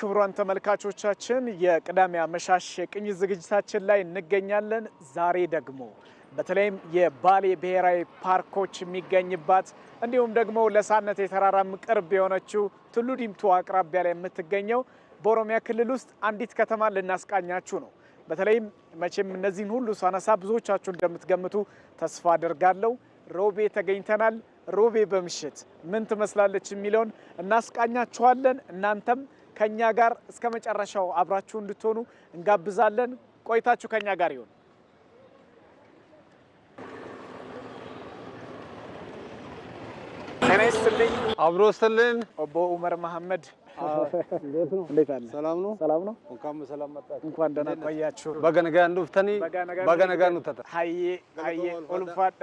ክቡራን ተመልካቾቻችን የቅዳሜ አመሻሽ የቅኝት ዝግጅታችን ላይ እንገኛለን። ዛሬ ደግሞ በተለይም የባሌ ብሔራዊ ፓርኮች የሚገኝባት እንዲሁም ደግሞ ለሳነት የተራራም ቅርብ የሆነችው ቱሉ ዲምቱ አቅራቢያ ላይ የምትገኘው በኦሮሚያ ክልል ውስጥ አንዲት ከተማ ልናስቃኛችሁ ነው። በተለይም መቼም እነዚህን ሁሉ ሳነሳ ብዙዎቻችሁ እንደምትገምቱ ተስፋ አድርጋለሁ። ሮቤ ተገኝተናል። ሮቤ በምሽት ምን ትመስላለች የሚለውን እናስቃኛችኋለን። እናንተም ከኛ ጋር እስከ መጨረሻው አብራችሁ እንድትሆኑ እንጋብዛለን። ቆይታችሁ ከኛ ጋር ይሁን። አብሮ ስትልን ኦቦ ኡመር መሐመድ ሰላም ነው። ሰላም ነው። እንኳን በሰላም መጣችሁ። እንኳን ደህና ቆያችሁ። በገነጋ እንዱፍተኒ በገነጋ ኑተታ ሀዬ ሀዬ ኦልፋዳ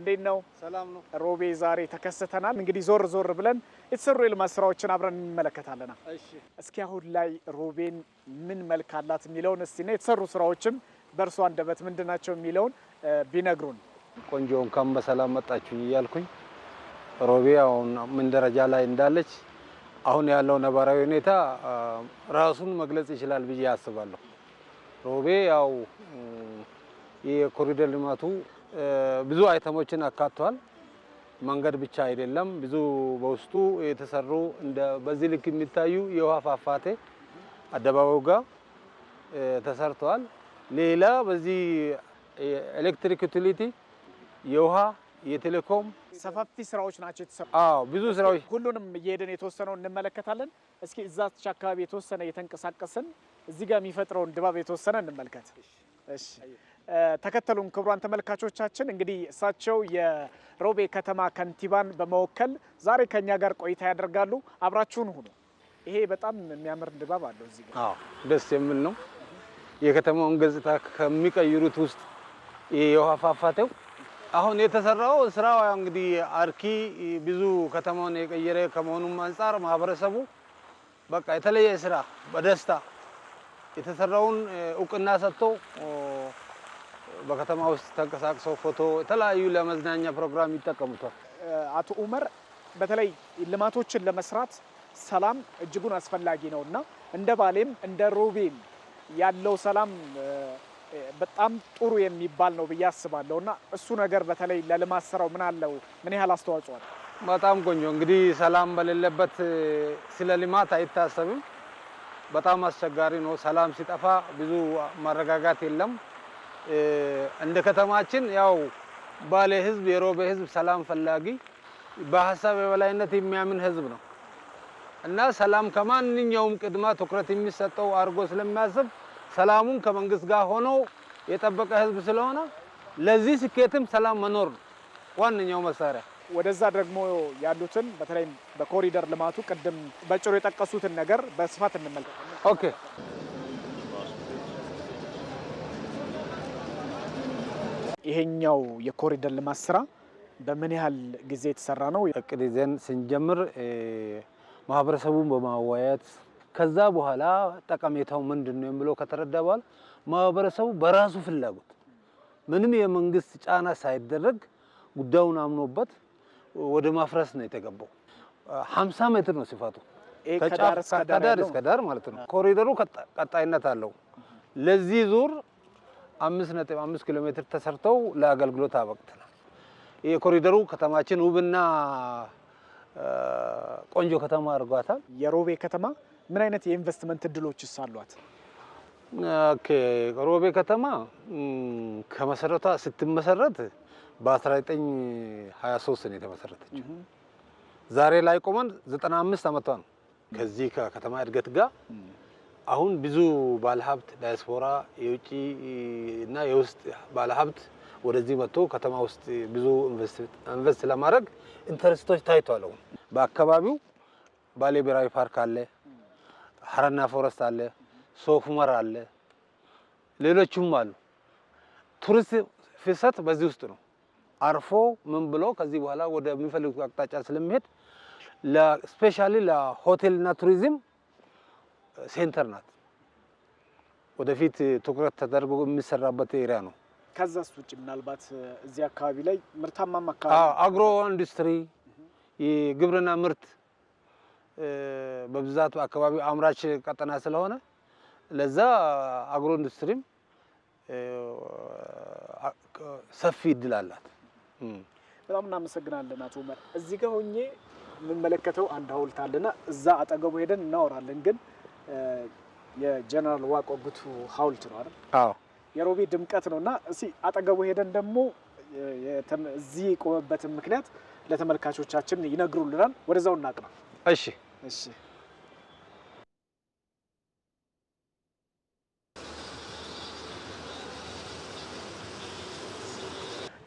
እንዴት ነው? ሰላም ነው። ሮቤ ዛሬ ተከስተናል። እንግዲህ ዞር ዞር ብለን የተሰሩ የልማት ስራዎችን አብረን እንመለከታለና እስኪ አሁን ላይ ሮቤን ምን መልክ አላት የሚለውን እስቲ እና የተሰሩ ስራዎችም በእርሷ አንደበት ምንድን ናቸው የሚለውን ቢነግሩን። ቆንጆ እንኳን በሰላም መጣችሁ እያልኩኝ ሮቤ አሁን ምን ደረጃ ላይ እንዳለች አሁን ያለው ነባራዊ ሁኔታ ራሱን መግለጽ ይችላል ብዬ አስባለሁ። ሮቤ ያው የኮሪደር ልማቱ ብዙ አይተሞችን አካቷል። መንገድ ብቻ አይደለም፣ ብዙ በውስጡ የተሰሩ እንደ በዚህ ልክ የሚታዩ የውሃ ፏፏቴ አደባባዩ ጋር ተሰርተዋል። ሌላ በዚህ ኤሌክትሪክ ዩቲሊቲ የውሃ የቴሌኮም ሰፋፊ ስራዎች ናቸው የተሰሩ። አዎ ብዙ ስራዎች ሁሉንም እየሄደን የተወሰነው እንመለከታለን። እስኪ እዛች አካባቢ የተወሰነ የተንቀሳቀስን እዚህ ጋር የሚፈጥረውን ድባብ የተወሰነ እንመልከት። እሺ ተከተሉን ክቡራን ተመልካቾቻችን። እንግዲህ እሳቸው የሮቤ ከተማ ከንቲባን በመወከል ዛሬ ከኛ ጋር ቆይታ ያደርጋሉ። አብራችሁን ሁኑ። ይሄ በጣም የሚያምር ድባብ አለው እዚህ ጋር። ደስ የሚል ነው። የከተማውን ገጽታ ከሚቀይሩት ውስጥ የውሃ ፏፏቴው አሁን የተሰራው ስራ እንግዲህ አርኪ ብዙ ከተማውን የቀየረ ከመሆኑም አንጻር ማህበረሰቡ በቃ የተለየ ስራ በደስታ የተሰራውን እውቅና ሰጥቶ በከተማ ውስጥ ተንቀሳቅሰው ፎቶ የተለያዩ ለመዝናኛ ፕሮግራም ይጠቀሙታል። አቶ ኡመር በተለይ ልማቶችን ለመስራት ሰላም እጅጉን አስፈላጊ ነው እና እንደ ባሌም እንደ ሮቤም ያለው ሰላም በጣም ጥሩ የሚባል ነው ብዬ አስባለሁ እና እሱ ነገር በተለይ ለልማት ስራው ምን አለው? ምን ያህል አስተዋጽኦ በጣም ቆንጆ። እንግዲህ ሰላም በሌለበት ስለ ልማት አይታሰብም። በጣም አስቸጋሪ ነው። ሰላም ሲጠፋ ብዙ ማረጋጋት የለም። እንደ ከተማችን ያው ባሌ ህዝብ የሮቤ ህዝብ ሰላም ፈላጊ በሀሳብ የበላይነት የሚያምን ህዝብ ነው እና ሰላም ከማንኛውም ቅድማ ትኩረት የሚሰጠው አድርጎ ስለሚያስብ ሰላሙን ከመንግስት ጋር ሆኖ የጠበቀ ህዝብ ስለሆነ ለዚህ ስኬትም ሰላም መኖር ነው ዋነኛው መሳሪያ። ወደዛ ደግሞ ያሉትን በተለይም በኮሪደር ልማቱ ቅድም በጭሩ የጠቀሱትን ነገር በስፋት እንመልከት። ኦኬ ይሄኛው የኮሪደር ልማት ስራ በምን ያህል ጊዜ የተሰራ ነው? እቅድ ይዘን ስንጀምር ማህበረሰቡን በማዋየት ከዛ በኋላ ጠቀሜታው ምንድን ነው የሚለው ከተረዳ በኋላ ማህበረሰቡ በራሱ ፍላጎት ምንም የመንግስት ጫና ሳይደረግ ጉዳዩን አምኖበት ወደ ማፍረስ ነው የተገባው። ሀምሳ ሜትር ነው ስፋቱ ከዳር እስከ ዳር ማለት ነው። ኮሪደሩ ቀጣይነት አለው። ለዚህ ዙር አምስት ነጥብ አምስት ኪሎ ሜትር ተሰርተው ለአገልግሎት አበቅተናል። የኮሪደሩ ከተማችን ውብና ቆንጆ ከተማ አድርጓታል። የሮቤ ከተማ ምን አይነት የኢንቨስትመንት እድሎችስ አሏት? ሮቤ ከተማ ከመሰረቷ ስትመሰረት በ1923 ነው የተመሰረተችው። ዛሬ ላይ ቆመን 95 ዓመቷ ነው። ከዚህ ከከተማ እድገት ጋር አሁን ብዙ ባለሀብት ዳያስፖራ የውጭ እና የውስጥ ባለሀብት ወደዚህ መጥቶ ከተማ ውስጥ ብዙ ኢንቨስት ለማድረግ ኢንተረስቶች ታይቷል። አሁን በአካባቢው ባሌ ብሔራዊ ፓርክ አለ፣ ሀረና ፎረስት አለ፣ ሶፍ ዑመር አለ፣ ሌሎችም አሉ። ቱሪስት ፍሰት በዚህ ውስጥ ነው። አርፎ ምን ብሎ ከዚህ በኋላ ወደሚፈልጉ አቅጣጫ ስለሚሄድ ስፔሻሊ ለሆቴልና ቱሪዝም ሴንተር ናት። ወደፊት ትኩረት ተደርጎ የሚሰራበት ኤሪያ ነው። ከዛስ ውጭ ምናልባት እዚህ አካባቢ ላይ ምርታማ አካባቢ አግሮ ኢንዱስትሪ የግብርና ምርት በብዛት አካባቢ አምራች ቀጠና ስለሆነ ለዛ አግሮ ኢንዱስትሪም ሰፊ እድል አላት። በጣም እናመሰግናለን አቶ ኡመር። እዚህ ጋር ሆኜ የምንመለከተው አንድ ሀውልት አለና እዛ አጠገቡ ሄደን እናወራለን ግን የጀነራል ዋቆ ጉቱ ሀውልት ነው አይደል? አዎ የሮቤ ድምቀት ነው እና እስኪ አጠገቡ ሄደን ደግሞ እዚህ የቆመበትን ምክንያት ለተመልካቾቻችን ይነግሩልናል። ወደዛው እናቅና። እሺ፣ እሺ።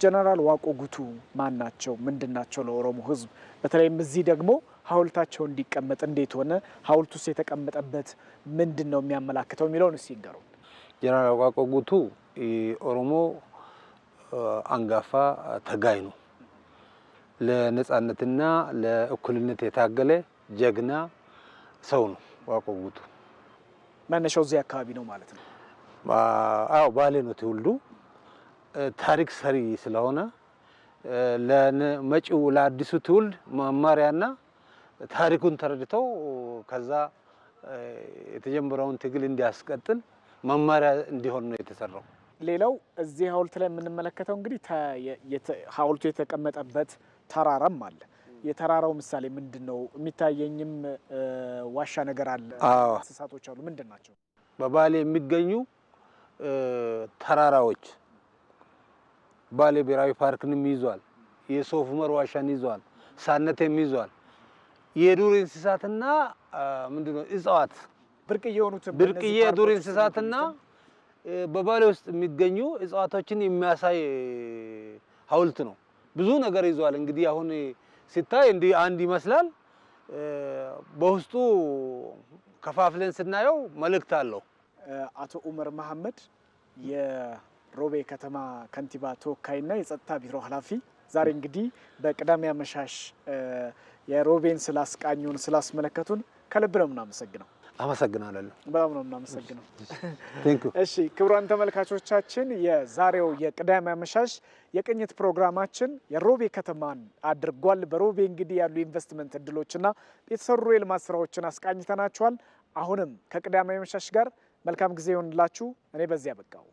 ጀነራል ዋቆ ጉቱ ማን ናቸው? ምንድን ናቸው? ለኦሮሞ ህዝብ በተለይም እዚህ ደግሞ ሀውልታቸው እንዲቀመጥ እንዴት ሆነ? ሀውልት ውስጥ የተቀመጠበት ምንድን ነው የሚያመላክተው የሚለውን እስቲ ይንገሩ። ጀነራል አቋቆ ጉቱ የኦሮሞ አንጋፋ ተጋይ ነው። ለነጻነትና ለእኩልነት የታገለ ጀግና ሰው ነው። አቋቆ ጉቱ መነሻው እዚህ አካባቢ ነው ማለት ነው። አዎ ባሌ ነው ትውልዱ። ታሪክ ሰሪ ስለሆነ ለመጪው ለአዲሱ ትውልድ መማሪያና ታሪኩን ተረድተው ከዛ የተጀመረውን ትግል እንዲያስቀጥል መመሪያ እንዲሆን ነው የተሰራው። ሌላው እዚህ ሐውልት ላይ የምንመለከተው እንግዲህ ሐውልቱ የተቀመጠበት ተራራም አለ። የተራራው ምሳሌ ምንድን ነው? የሚታየኝም ዋሻ ነገር አለ፣ እንስሳቶች አሉ። ምንድን ናቸው? በባሌ የሚገኙ ተራራዎች ባሌ ብሔራዊ ፓርክንም ይዟል፣ የሶፍ ዑመር ዋሻን ይዟል፣ ሳነቴም ይዟል። የዱር እንስሳትና ምንድነው እጽዋት ብርቅዬ የሆኑት ብርቅዬ የዱር እንስሳትና በባሌ ውስጥ የሚገኙ እጽዋቶችን የሚያሳይ ሐውልት ነው። ብዙ ነገር ይዟል። እንግዲህ አሁን ሲታይ እንዲህ አንድ ይመስላል። በውስጡ ከፋፍለን ስናየው መልእክት አለው። አቶ ኡመር መሐመድ የሮቤ ከተማ ከንቲባ ተወካይና የጸጥታ ቢሮ ኃላፊ ዛሬ እንግዲህ በቅዳሜ አመሻሽ የሮቤን ስላስቃኙን ስላስመለከቱን ከልብ ነው የምናመሰግነው። አመሰግናለሁ። በጣም ነው የምናመሰግነው። እሺ ክቡራን ተመልካቾቻችን የዛሬው የቅዳሜ አመሻሽ የቅኝት ፕሮግራማችን የሮቤ ከተማን አድርጓል። በሮቤ እንግዲህ ያሉ ኢንቨስትመንት እድሎችና የተሰሩ የልማት ስራዎችን አስቃኝተናችኋል። አሁንም ከቅዳሜ አመሻሽ ጋር መልካም ጊዜ ይሆንላችሁ። እኔ በዚያ በቃው።